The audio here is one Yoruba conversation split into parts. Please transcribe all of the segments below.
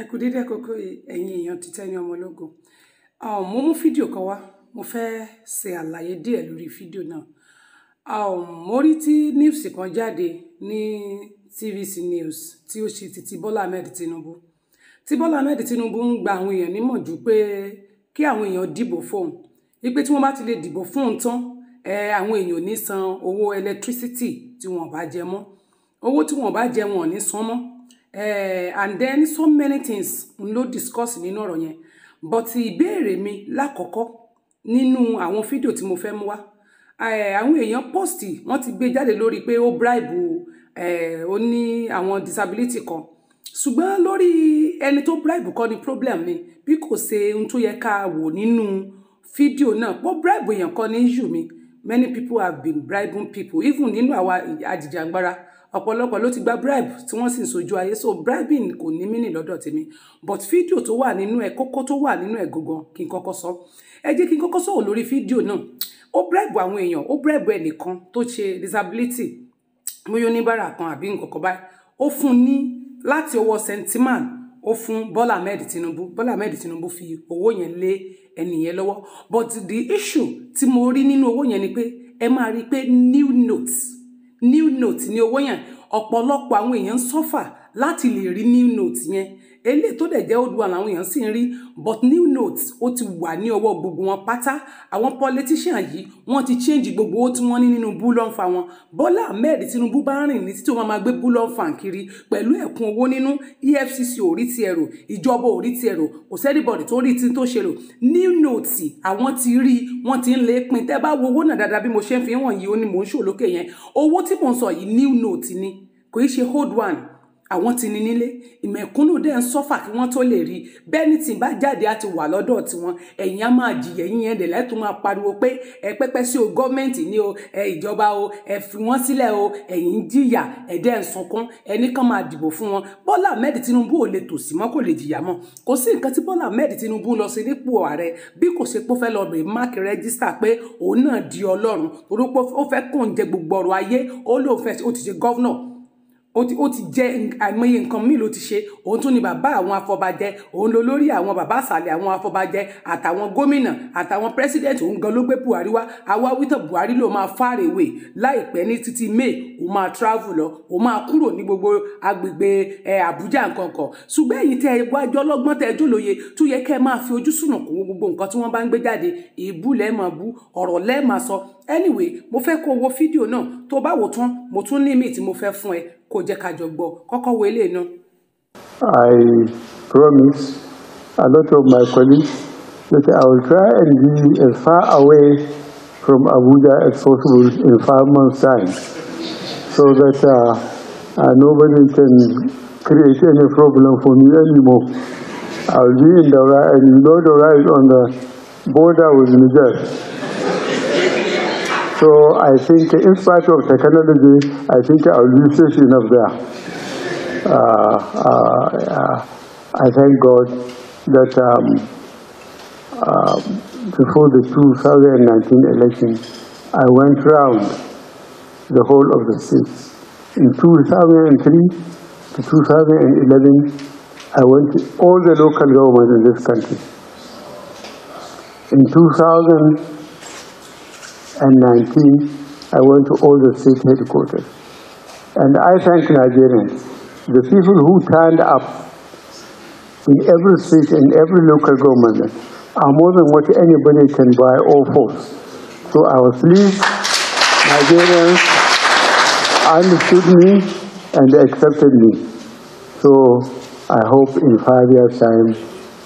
ẹ kú dédé àkókò ẹ̀yin èèyàn ti Tenny Ọmọlógo mo mú fídíò kan wá mo fẹ́ ṣe àlàyé díẹ̀ lórí fídíò náà mo rí tí news kan jáde ní TVC News tí ó ṣe títí Bọ́lá Ahmed Tinubu tí Bọ́lá Ahmed Tinubu ń gba àwọn èèyàn nímọ̀jú pé kí àwọn èèyàn dìbò fóun wípé tí wọ́n bá ti lè dìbò fóun tán àwọn èèyàn ò ní san owó ẹlẹtírísítì tí wọ́n bá jẹ mọ́ owó tí wọ́n bá jẹ wọn ò ní san mọ́ eh, and then so many things ló discuss nínú ọ̀rọ̀ yẹn but ìbéèrè mi lákọ̀ọ́kọ́ nínú àwọn fídíò tí mo fẹ́ mú wá eh, àwọn èèyàn post wọ́n ti gbé jáde lori pé ó bribe eh, ó ní àwọn disability kan ṣùgbọ́n lori ẹni to bribe kọ́ ni problem ni bí kò ṣe ohun tó yẹ ká wò nínú fídíò náà pọ́ bribe èèyàn kọ́ ní yù mí many people have been bribing people even nínú àwa àjìjàgbara ọ̀pọ̀lọpọ̀ ló ti gba bribe tí wọ́n sì ń sojú ayé so bribing kò ní mí nì lọ́dọ̀ tèmi but fídíò tó wà nínú ẹ̀ kókó tó wà nínú ẹ̀ gangan kí n kọ́kọ́ sọ ẹ jẹ́ kí n kọ́kọ́ sọ̀rọ̀ lórí fídíò náà ó bribe àwọn èèyàn ó bribe ẹnìkan tó ṣe disability bóyá oníbàárà kan àbí nǹkan kan báyìí ó fún ní láti ọwọ́ sentiment ó fún Bọ́lá Ahmed Tinubu Bọ́lá Ahmed Tinubu fi owó yẹn lé ẹni yẹn lọ́wọ́ but the issue tí mo rí nínú owó yẹn ni pé ẹ máa rí pé new notes new note ní owó yẹn ọ̀pọ̀lọpọ̀ àwọn èèyàn ń sọ́fà láti lè rí new note yẹn eléyìí tó dẹ̀ jẹ́ old one àwọn èèyàn sì ń rí but new notes. ó ti wà ní ọwọ́ gbogbo wọn pátá àwọn politician yìí wọ́n ti change gbogbo owó tí wọ́n ní nínú búlọ́ǹfà wọn Bọ́lá Ahmed Tinubu bá rìn ní títí wọ́n máa gbé búlọ́ǹfà kiri pẹ̀lú ẹ̀kún owó nínú EFCC ò rí ti ẹ̀rọ ìjọba ò rí ti ẹ̀rọ kò sẹ́dìbọ̀dì tó rí ti tó ṣe lò new notes. àwọn ti rí wọ́n ti ń lé pin tẹ́ bá wo owó náà dáadáa bí mo ṣe ń fi wọ̀nyí ó ní mò ń ṣòlókè yẹn owó tí mò ń sọ yìí new notes? ni kò í ṣe old one àwọn ti ní nílé ìmẹ̀kúnnù dẹ̀ ń sọ́fà kí wọ́n tó lè rí bẹ́ẹ̀ ni tí n bá jáde á ti wà lọ́dọ̀ tiwọn ẹ̀yin á máa jìyà ẹ̀yin yẹn dẹ̀lẹ́ tó máa pariwo pé ẹ pẹ́pẹ́ sí o gọ́ọ̀mẹ̀ntì ni o ẹ ìjọba o ẹ fi wọ́n sílẹ̀ o ẹ̀yin jìyà ẹ dẹ̀ ń sunkún ẹni kan máa dìbò fún wọn Bọ́lá Ahmed Tinubu ò lè tòsí mọ́ kò lè jìyà mọ́ kò sí nǹkan tí Bọ́lá Ahmed Tinubu lọ sí nípò ààrẹ bí kò ṣe pé ó fẹ́ lọ bẹ̀ máàkì rẹ́gísítà pé òun náà di ọlọ́run orúkọ ó fẹ́ kóun jẹ gbogbo ọrọ̀ ayé ó lóun fẹ́ ó ti ṣe gọ́vnọ̀ ó ti ó ti jẹ àìmọye nǹkan míì ló ti ṣe òun tún ni bàbá àwọn afọbajẹ òun ló lórí àwọn bàbá àsàlẹ̀ àwọn afọbajẹ àtàwọn gómìnà àtàwọn president òun gan ló gbé buhari wá àwa wítọ̀ buhari ló máa fárewé láìpẹ́ ní títí may ó máa travel lọ ó máa kúrò ní gbogbo agbègbè ẹ àbújá nǹkan kan ṣùgbọ́n èyí tẹ ẹ wájú ọlọ́gbọ́n tẹ ẹjọ́ lóye tó yẹ kẹ́ ẹ máa fi ojú sùnùkùn gbogbo nǹkan tí wọ́n bá ń gbé jáde èébú lẹ́ẹ̀ bú ọ̀rọ̀ lẹ́ẹ̀ sọ anyway mo fẹ́ kó wo fídíò náà tó bá wò tán mo tún ní míì tí mo fẹ́ fún ẹ kó jẹ́ ká jọ gbọ́ kọ́kọ́ wo eléyìí náà. I promise a lot of my colleagues that I will try and be as far away from Abuja as possible in five months time so that uh, uh nobody can create any problem for me anymore. I'll be in Daura and you know Daura is on the border with Niger. So I think in spite of technology, I think our usage is enough there. Uh, uh, uh, I thank God that um, uh, before the 2019 election, I went round the whole of the state. In 2003 to 2011, I went to all the local governments in this country. In 2000, 19, I went to all the State Headquarters. And I thank Nigerians, the people who turned up in every state and every local government are more than what anybody can buy or force. So I was pleased Nigerians understood me and accepted me. So I hope in five years' time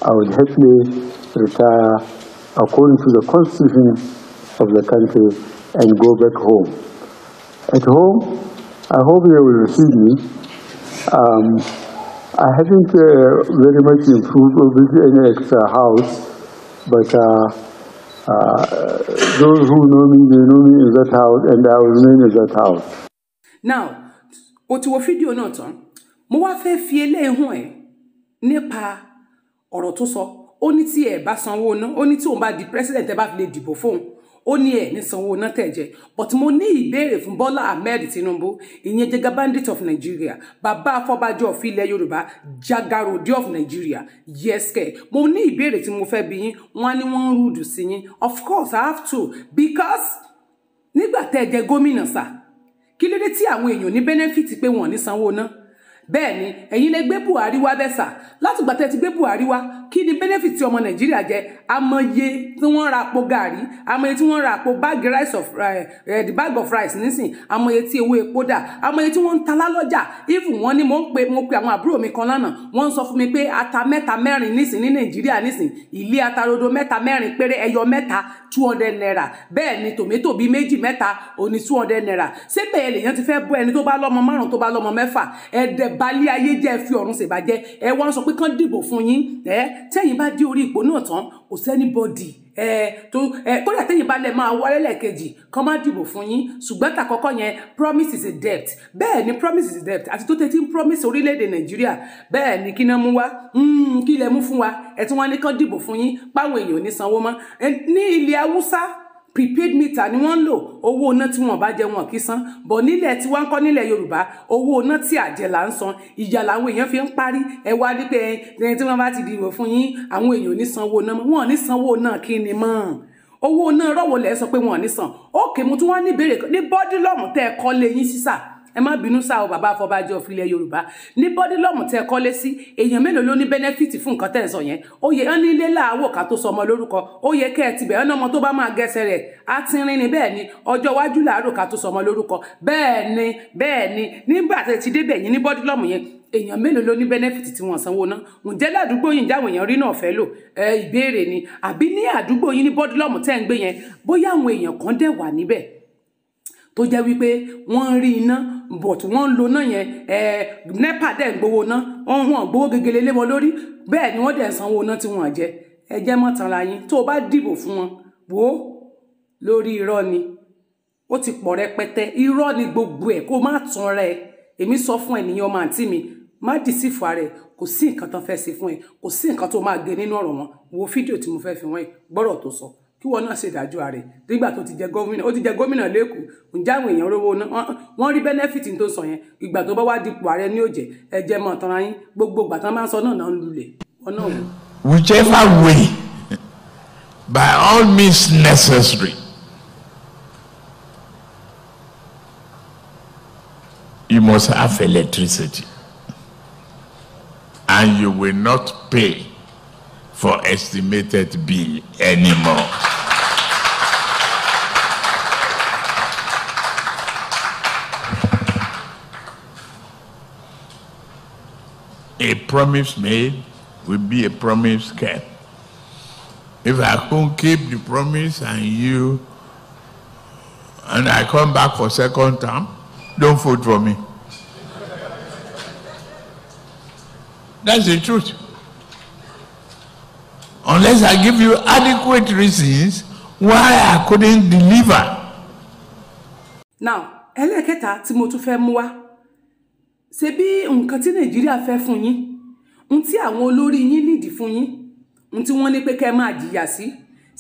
I will happily retire according to the Constitution of the country and go back home. At home, I hope you will receive me. Um, I haven't uh, very much improved with any extra house, but uh, uh, those who know me, they know me in that house, and I will remain in that house. Now, o ti wo fídíò not? tán mo wá fẹ́ fi eléyìí hàn ẹ́ nípa ọ̀rọ̀ so sọ ó ní tí ẹ̀ bá sanwó ná ó ní di president ẹ bá fi lè dìbò fóun ó ní ẹ̀ ní sanwó náà tẹ̀jẹ̀ but mo ní ìbéèrè fún Bọ́lá Ahmed Tinubu ìyẹn jẹgà bandit of Nigeria bàbá afọbajọ of ilẹ̀ Yorùbá jagarodi of Nigeria yes kẹ mo ní ìbéèrè tí mo fẹ́ bi yín wọ́n á ní ń rúdù sí yín of course I have to because nígbà tẹ́ ẹ jẹ gómìnà sà kí ló dé tí àwọn èèyàn ní benefit pé wọ́n ní sanwó náà bẹ́ẹ̀ ni ẹ̀yin lè gbé Buhari wá bẹ́ẹ̀ sà látìgbà tẹ́ ti gbé Buhari wá kí ni benefit ọmọ Nàìjíríà jẹ amọye tí wọ́n ra àpò gàrí amọye tí wọ́n ra àpò bag rice of uh, the bag of rice nísìn amọye tí ewé epo dà amọye tí wọ́n ń ta lálọ́jà if wọ́n ní mo ń pe mo pe àwọn àbúrò mi kan lánàá wọ́n ń sọ fún mi pé ata mẹ́ta mẹ́rin nísìn ní Nàìjíríà nísìn ilé atarodo mẹ́ta mẹ́rin péré ẹyọ mẹ́ta two hundred naira bẹ́ẹ̀ ni tòmẹ́tò bíi méjì mẹ́ta òní two hundred naira ṣé bẹ́ẹ̀ lèèyàn ti fẹ́ bọ́ ẹni tó bá lọ́mọ márùn-ún tó bá lọ́mọ mẹ́fà ẹ̀ẹ́dẹ̀ balẹ̀ ayé jẹ́ ẹ fi ọ̀run ṣèbàjẹ́ ẹ wá ń sọ pé kán dìbò fún yín ẹ tẹ́yìn bá dé orí ipò náà tán kò sẹ́ni bọ́dì tó kódà tẹ́yìn balẹ̀ máa wọlé lẹ́ẹ̀kejì kan máa dìbò fún yín ṣùgbọ́n tàkọ́kọ́ yẹn promise is a debt bẹ́ẹ̀ ni promise is a debt àti tó tẹ́tí ń promise orílẹ̀-èdè nàìjíríà bẹ́ẹ̀ ni kí náà mú wá hmm, kí ilẹ̀ mú fún wa ẹ̀ tí wọ́n á ní kán dìbò fún yín páwọn èèyàn ní sanwó mọ́ ní ilẹ̀ haúsá prepaid meter ni wọ́n ń lò owó iná tí wọ́n bá jẹ wọn kì í san bọ̀ nílẹ̀ tí wọ́n ń kọ́ nílẹ̀ yorùbá owó iná tí àjẹ là ń san ìjà làwọn èèyàn fi ń parí ẹ wá ní pé ẹni tí wọ́n bá ti dìbò fún yín àwọn èèyàn ò ní sanwó iná wọn ò ní sanwó iná kí ni mọ́ owó iná rọ́wọ́ lẹ́ sọ pé wọn ò ní san ókè mo tún wá ní ìbéèrè ní bọ́dí lọ́mù ẹ kọ́ lé sísà ẹ má bínú sáà o bàbá àfọbàjẹ òfin ilẹ̀ yorùbá ní bọ́dílọ́mù tẹ kọ́lé sí èèyàn mélòó ló ní bẹ́nẹ́fìtì fún nǹkan tẹ̀ ń sọ yẹn ó yẹ ọ́n ní ilé láàwọ̀ ká tó sọ ọmọ lórúkọ ó yẹ kẹ́ ẹ ti bẹ̀rẹ̀ ọmọ tó bá máa gẹ̀ẹ́sẹ̀ rẹ̀ á ti rin ni bẹ́ẹ̀ ni ọjọ́ iwájú làárò ká tó sọ lórúkọ bẹ́ẹ̀ ni bẹ́ẹ̀ ni nígbà tẹ̀ ti débẹ̀ yín ní bọ́dílọ́mù yẹn èèyàn mélòó ló ní bẹ́nẹ́fìtì tí wọ́n sanwó ná ǹjẹ́ ládùúgbò yìí jáwọn èèyàn rí náà fẹ́ lò ẹ ìbéèrè ni àbí ní àdúgbò yìí ní bọ́dúlọ́mù tẹ́ ń gbé yẹn bóyá àwọn èèyàn kan dẹ̀ wà níbẹ̀ tó jẹ́ wípé wọ́n rí iná but wọ́n ń lo náà yẹn nepa dẹ̀ ń gbowó ná wọ́n wọ́n gbowó gegele lé wọn lórí bẹ́ẹ̀ ni wọ́n dẹ̀ ń sanwó ná tí wọ́n jẹ ẹ jẹ́ mọ́ tanra yín tó o bá dìbò fún wọn wò lórí irọ́ ni ó ti pọ̀ rẹpẹtẹ irọ́ ni gbogbo ẹ̀ kó má tanra ẹ èmi sọ fún ènìyàn ọmọ àǹtí mi má dì sí ìfà rẹ kò sí nǹkan tó fẹ́ ṣe fún ẹ kò sí nǹkan tó máa gé nínú ọ̀rọ̀ wọn wo fídíò tí mo fẹ́ fi wọ́n ẹ gbọ́rọ̀ tó sọ kí wọn náà ṣèdájọ́ ààrẹ nígbà tó ti jẹ gómìnà ó ti jẹ gómìnà lẹkọọ ǹjẹ́ àwọn èèyàn rówó náà wọ́n rí bẹ́nẹ́fìtì tó sọ yẹn ìgbà tó bá wá dipò ààrẹ ní òjẹ́ ẹ̀jẹ̀ mọ̀ tán ayín gbogbo ìgbà tán máa ń sọ náà náà ń lulẹ̀ whichever way by all means necessary you must have electricity and you will not pay for estimated bill anymore. promise made will be a promise kept. If I can't keep the promise and you, and I come back for second term, don't vote for me. That's the truth. Unless I give you adequate reasons why I couldn't deliver. Now, ẹlẹ́kẹta tí mo tún fẹ́ mú wá ṣe bí nǹkan tí Nàìjíríà fẹ́ fún yín ohun tí àwọn olórí yín nídìí fún yín ohun tí wọ́n ní pé kẹ́ máa jìyà sí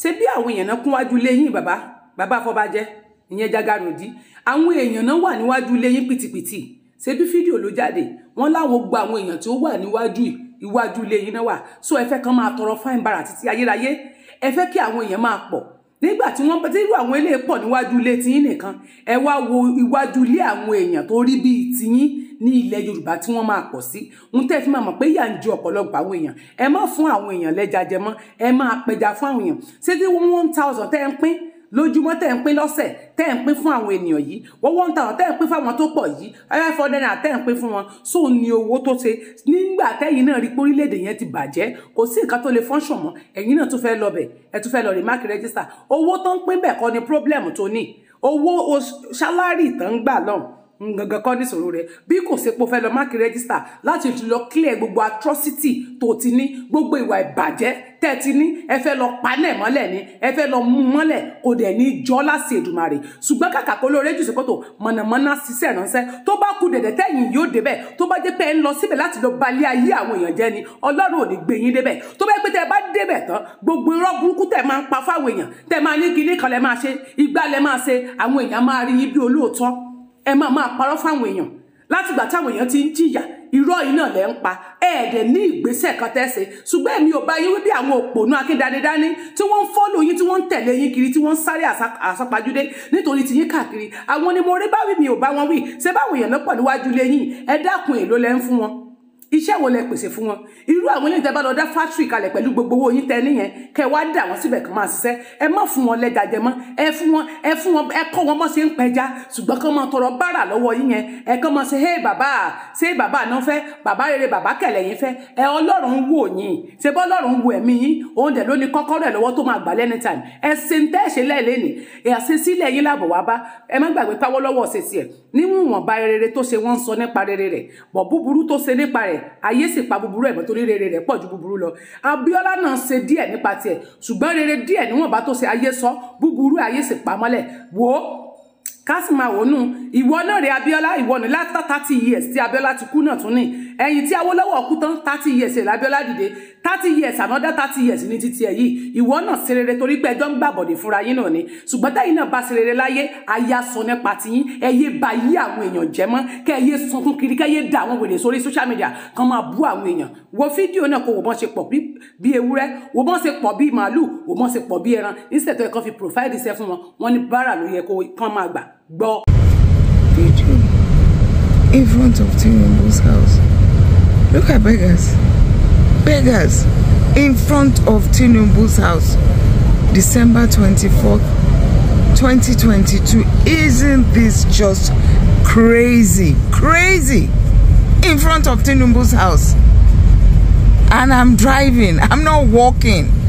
ṣé bí àwọn èèyàn náà kún wájú ilé yín bàbá bàbá afọbajẹ ìyẹn Jàgàròdì àwọn èèyàn náà wà níwájú ilé yín pìtìpìtì ṣé bí fídíò ló jáde wọ́n láwọn gba àwọn èèyàn tí ó wà níwájú ìwájú ilé yín náà wà so ẹ fẹ́ kàn máa tọrọ fáìn bara títí ayérayé ẹ fẹ́ kí àwọn èèyàn máa pọ̀ nígbà tí wọ́n tí irú àwọn eléyìí pọ̀ níwájú ilé tiyín nìkan ẹ wá wo iwájú ilé àwọn èèyàn tó rí bíi tiyín ní ilẹ̀ yorùbá tí wọ́n máa pọ̀ sí ń tẹ́ fi máa mọ̀ pé ìyà ń jẹ ọ̀pọ̀lọpọ̀ àwọn èèyàn ẹ má fún àwọn èèyàn lẹ́ja jẹ mọ́ ẹ máa pẹja fún àwọn èèyàn ṣé tí one thousand tẹ́ ń pín lójúmọ́ tẹ́ ń pín lọ́sẹ̀ tẹ́ ń pín fún àwọn ènìyàn yìí wọ́n wọ́n ń ta àwọn tẹ́ ń pín fáwọn tó pọ̀ yìí five hundred naira tẹ́ ń pín fún wọn so ni owó tó ṣe nígbà tẹ́yìn náà rí pé orílẹ̀-èdè yẹn ti bàjẹ́ kò sí nǹkan tó lè function mọ́ ẹ̀yin náà tún fẹ́ lọ bẹ̀ ẹ̀ tún fẹ́ lọ rí mark register owó tó ń pín bẹ̀ kọ́ ni problem tó ní owó salary tó ń gbà lọ́hùn Mm, gangan kọ́ níṣòro rẹ̀ bí kò ṣe pé o fẹ́ lọ máàkì rẹ́gísítà láti clear gbogbo atrocity tó ti ní gbogbo ìwà ìbàjẹ́ tẹ́ ti ní ẹ fẹ́ lọ panẹ̀ mọ́lẹ̀ ni ẹ fẹ́ lọ mú mọ́lẹ̀ kò dẹ̀ ní jọ́ láti Èdùmàrè ṣùgbọ́n kàkà kó lóore jù sípò tó mọ̀nàmọ́ná ṣiṣẹ́ ránṣẹ́ tó bá kú dẹ̀dẹ̀ tẹ́yìn yóò débẹ̀ tó bá jẹ́ pé ẹ ń lọ síbẹ̀ láti lọ balẹ̀ ayé àwọn èèyàn jẹ́ ni Ọlọ́run ò ní gbé yín débẹ̀ tó bá yẹ pé tẹ́ ẹ bá gbogbo irọ́ burúkú tẹ́ máa pa fáwọn èèyàn tẹ́ máa ní kinní kan lẹ́ máa ṣe igbá lẹ́ máa ṣe àwọn èèyàn máa rí yín bí olóòótọ́ ẹ máa máa parọ́ fáwọn èèyàn látìgbà táwọn èèyàn ti ń jìyà irọ́ yìí náà lẹ́ ń pa ẹ̀ẹ́dẹ̀ ní ìgbésẹ̀ kan tẹ́sẹ̀ ṣùgbọ́n èmi ò bá yín wí bí àwọn òpònú akíndanidání tí wọ́n ń fọ́lù yín tí wọ́n ń tẹ̀lé yín kiri tí wọ́n ń sáré àsápajúdé nítorí ti yín káàkiri àwọn ni mo rí báwí mi ò bá wọn wí ṣe báwọn èèyàn lọ́pọ̀ níwájú lẹ́yìn ẹ dákun èlò lẹ́ ń fún wọn iṣẹ́ wo lẹ pèsè fún wọn irú àwọn eléyìí tẹ bá lọ dá fátírì kalẹ̀ pẹ̀lú gbogbo owó yín tẹ níyẹn kẹ wá dà wọ́n síbẹ̀ kàn máa ṣiṣẹ́ ẹ má fún wọn lẹ́jà jẹ mọ́ ẹ fún wọn ẹ fún wọn ẹ kọ́ wọn mọ́ ṣe ń pẹja ṣùgbọ́n kàn máa tọrọ bárà lọ́wọ́ yín yẹn ẹ kàn máa ṣe hey bàbá ṣe bàbá náà fẹ́ bàbá rere bàbá kẹlẹ̀ yín fẹ́ ẹ ọlọ́run wò yín ṣe bọ́ ọlọ́run wo ẹ̀mí yín òun dẹ̀ ló ní kọ́kọ́rọ́ ẹ̀ lọ́wọ́ tó máa gbà lẹ́ni tàn ẹ ṣe ń tẹ́ ẹ̀ ṣe lẹ́ẹ̀lẹ́ ni ẹ̀ṣe sílẹ̀ yín láàbọ̀ wá bá ẹ má gbàgbé káwọ́ lọ́wọ́ ṣe tiẹ̀ níwọ̀nba rere tó ṣe wọ́n ń sọ nípa rere rẹ̀ rẹ̀ ayé sì pa búburú ẹ̀ mọ́ torí rere rẹ̀ pọ̀ ju búburú lọ Abíọ́lá náà ṣe díẹ̀ nípa tiẹ̀ ṣùgbọ́n rere díẹ̀ níwọ̀nba tó ṣe ayé sọ búburú ayé sì pa mọ́lẹ̀ wò ó kásìmáwònú ìwọ náà rẹ Abiola ìwọ ní látà thirty years tí Abíọ́lá ti kú náà tún ní ẹ̀yìn tí Awólọ́wọ̀ kú tán thirty years Abíọ́lá dìde thirty years another thirty years ní títí ẹ̀ yìí ìwọ náà ṣe rere torí pé ẹjọ́ ń gbàbọ̀dè fúnra yín náà ni ṣùgbọ́n táyìn náà bá ṣe rere láyé aya sọ nípa tiyín ẹ yé ba yí àwọn èèyàn jẹ mọ́ kẹ́ ẹ sunkún kiri kẹ́ ẹ da àwọn wèrè sórí social media kan máa bú àwọn èèyàn wo fídíò náà kó wò bọ́n ṣe pọ̀ bí ewúrẹ́ wò bọ́n ṣe pọ̀ bí màálù wò bọ́n ṣe pọ̀ bí ẹran instead tó yẹ kán profile iṣẹ́ fún wọn wọn ní bára ló yẹ kó kán in front of Tinubu's house. Look at beggars. Beggars in front of Tinubu's house. December 24th, 2022. Isn't this just crazy? Crazy! In front of Tinubu's house. And I'm driving. I'm not walking.